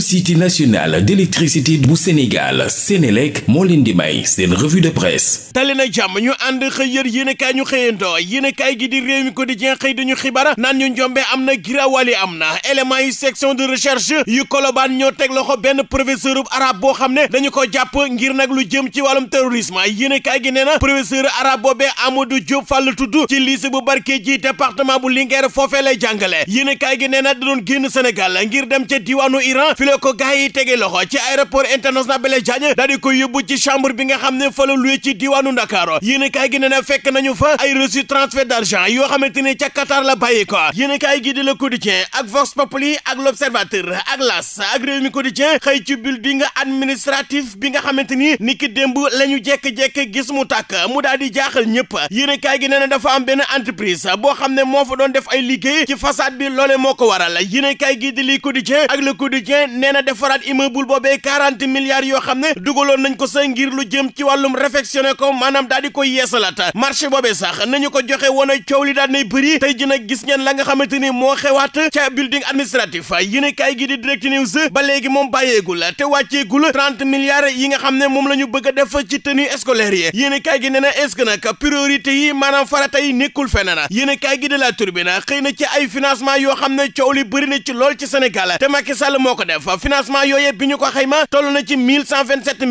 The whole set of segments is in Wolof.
société nationale d'électricité bu Sénégal Sénélec moo leen di may seen revue de presse tali na jàmm ñu ànd xëy yër yéenekaay ñu xëyandoo yéenekaay gi di réew mi quotidien xëy dañu xibaar naan ñu njombe am na giraawali am na élément yu section de recherche yu kolobaan ñoo teg loxo benn professeur bu arabe boo xam ne dañu ko jàpp ngir nag lu jëm ci wàllum terrorisme yéenekaay gi nee na professeur arabe boobee Amadou Diop Fall tudd ci lycée bu Barkédji département bu Linguère foofee lay jàngale yéenekaay gi nee na da doon génn Sénégal ngir dem ca fi la ko gars yi tege loxo ci aéroport international Blaise Diagne daal ko yóbbu ci chambre bi nga xam ne fa la ci diwaanu Ndakaaru yéen kaay gi ne fekk nañu fa ay reçu transfert d'argent yoo xamante ni ca Qatar la bàyyi ko yéen kaay gi di Le Quotidien ak Vox Populi ak L'Observateur ak L'As ak Rewmi Quotidien xëy ci building administratif bi nga xamante ni ni ki démb jekk-jekk gis mu tàkk mu daal di jaaxal ñëpp yéen kaay gi nee na dafa am benn entreprise boo xam moo fa doon def ay liggéey ne nee na defaraat immeuble boobee quarante milliards yoo xam ne dugaloon nañ ko sa ngir lu jëm ci wàllum réfectionné ko maanaam daal di koy yeesalaat marché boobee sax nañu ko joxe woon a coow li daal nay bëri tey ji nag gis ngeen la nga xamante ni moo xewaat ca building administratif yéen kaay gi di direct news ba léegi moom bàyyeegul te wàcceegul trente milliards yi nga xam ne moom la ñu bëgg a def ci tenue scolaire yi yéen kaay gi nee na est yi maanaam farata yi nekkul feneen yéen kaay gi de la turbine xëy na ci ay financement yoo xam ne coow li bëri na ci lool ci Sénégal te Macky Sall moo ko def def financement yooyee bi ñu ko xayma toll na ci mille cent vingt sept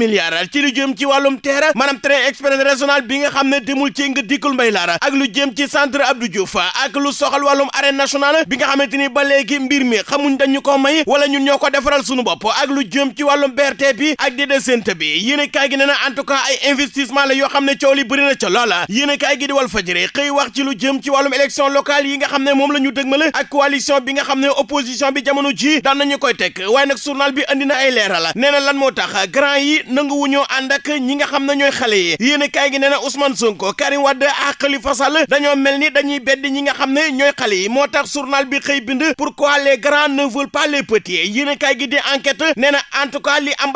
ci lu jëm ci wàllum terre maanaam train express régional bi nga xam ne demul ci nga dikkul mbay laara ak lu jëm ci centre Abdou Diouf ak lu soxal wàllum arène nationale bi nga xamante ni ba léegi mbir mi xamuñ dañu ko may wala ñun ñoo ko defaral suñu bopp ak lu jëm ci wàllum BRT bi ak DDCNT bi yéen kaay gi nee na en tout cas ay investissement la yoo xam ne coow li bëri na ca loola yéen kaay gi di wal fajëre xëy wax ci lu xam ne moom la ñu dëgmale ak coalition bi nga xam ne opposition bi jamono ji daan nañu koy teg waaye nag journal bi andi ay leeral nee na lan moo tax grand yi nanguwu ñoo ànd ak ñi nga xam ne ñooy xale yi yéen kaay gi nee na Ousmane Sonko Karim Wade ak Khalifa Sall dañoo mel ni dañuy bedd ñi nga xam ne ñooy xale yi moo tax journal bi xëy bind pourquoi les grands ne veulent pas les petits yéen kaay gi di enquête nee na en tout cas li am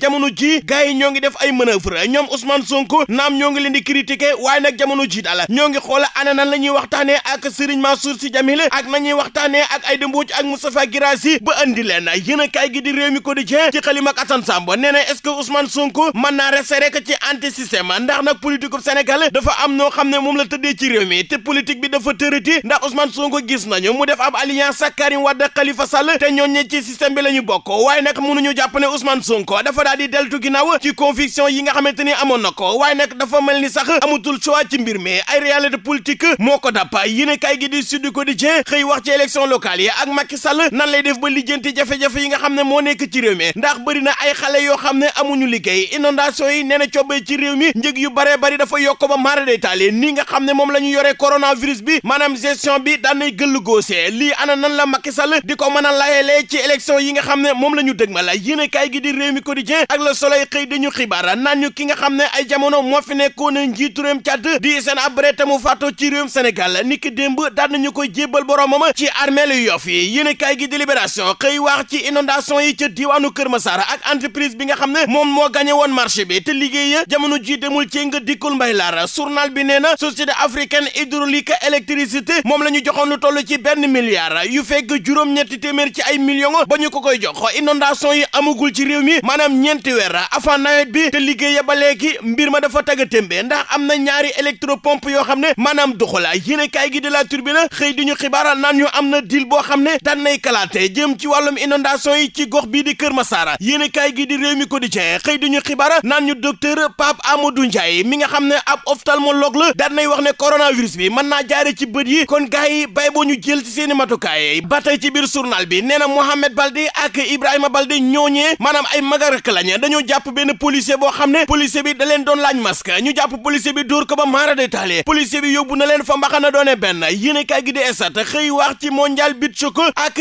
jamono ji gars yi ñoo ngi def ay manœuvre ñoom Ousmane Sonko naam ñoo ngi leen di critiquer waaye nag jamono ji daal ñoo ngi xool ana nan la ñuy waxtaanee ak Serigne Mansour Sy Djamil ak waxtaanee ak Aïda Mbodj ak Moustapha Guirassy ba andi leen yéen a gi di réew mi quotidien ci xalim ak Assane Samba nee na est-ce que Ousmane Sonko mën naa rester ndax nag politique bu Sénégal dafa am noo xam ne moom la tëddee ci réew mi te politique bi dafa tërëti ndax Ousmane Sonko gis nañu mu def ab alliance ak Karim Wade Khalifa Sall te ñooñu ci système bi la ñu bokk waaye nag mënuñu jàpp ne Ousmane Sonko dafa daal di deltu ginnaaw ci conviction yi nga xamante ni amoon na ko waaye nag dafa mel ni sax amutul choix ci mbir mi ay réalité politique moo ko dàpp yéen a kaay gi di Sud Quotidien xëy wax ci élection yi ak Macky Sall nan lay def ba lijjanti jafe yi nga xam ne moo nekk ci réew mi ndax bëri na ay xale yoo xam ne amuñu liggéey inondation yi nee na cobbee ci réew mi njëg yu bare bari dafa yokk ba maara day taali nii nga xam ne moom la ñu yore coronavirus bi maanaam gestion bi daan nay gëll góosee lii ana nan la Macky Sall di ko mën a layelee ci élection yi nga xam ne moom la ñu dëg ma la yéen a kaay gi di réew di quotidien ak Le Soleil xëy ñu xibaara naan ñu ki nga xam ne ay jamono moo fi nekkoon njiitu réewum Càdd di seen te mu faatoo ci réewum Sénégal niki démb daan nañu koy jébbal boromam ci armée lu Yoff yi yéen a gi di Libération inondation yi ca diiwaanu Kër ma Masar ak entreprise bi nga xam ne moom moo gagné woon marché bi te liggéey ya jamono jii demul ci nga dikkul mbay laara journal bi nee na société africaine hydraulique électricité moom la ñu joxoon lu toll ci benn milliard yu fekk juróom-ñetti téeméer ci ay millions ba ñu ko koy jox inondation yi amagul ci réew mi maanaam ñeenti weer afan nawet bi te liggéey ya ba léegi mbir ma dafa tagga témbe ndax am na ñaari électropompe yoo xam ne maanaam doxala yéen gi de la turbine xëy di ñu xibaaral naan ñu am na dil boo xam ne daan nay kalaate jëm ci wàllum inondation complication yi ci gox bii di Kër Massar yéen kaay di réew mi quotidien xëy di ñu xibaar naan ñu docteur Pape Amadou Ndiaye mi nga xam ne ab ophtalmologue la daan nay wax ne coronavirus bi mën naa jaare ci bët yi kon gars yi bay boo ñu jël ci seen i matukaay ba tey ci biir surnal bi nee na Mohamed Balde ak Ibrahima Balde ñooñee maanaam ay magarak lañ dañoo jàpp benn policier boo xam ne policier bi daleen doon laaj masque ñu jàpp policier bi dóor ko ba maara day taale na leen fa mbaxana doone benn yéen kaay gi di esat xëy wax ci mondial beach soccer ak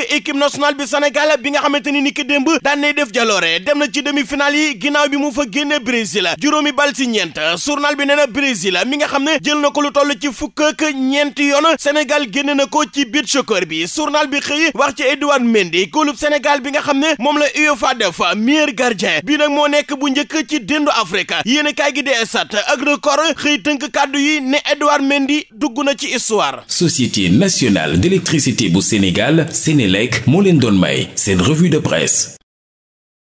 bi Sénégal bi nga xamante ni ni ki démb daan def jaloore dem na ci demi-finale yi ginnaaw bi mu fa génnee Brésil juróomi bal ñeent journal bi nee na Brésil mi nga xam ne jël na ko lu toll ci fukk ak ñeenti yoon Sénégal génne na ko ci beach soccer bi journal bi xëy wax ci Edouard Mendy club senegal bi nga xam ne moom la UEFA def meilleur gardien bii nag moo nekk bu njëkk ci déndu Afrique yéen kaay gi dee sat ak record xëy tënk kàddu yi ne Edouard Mendy dugg na ci histoire. Société nationale d'électricité bu Sénégal Sénélec moo leen doon may seen revue de presse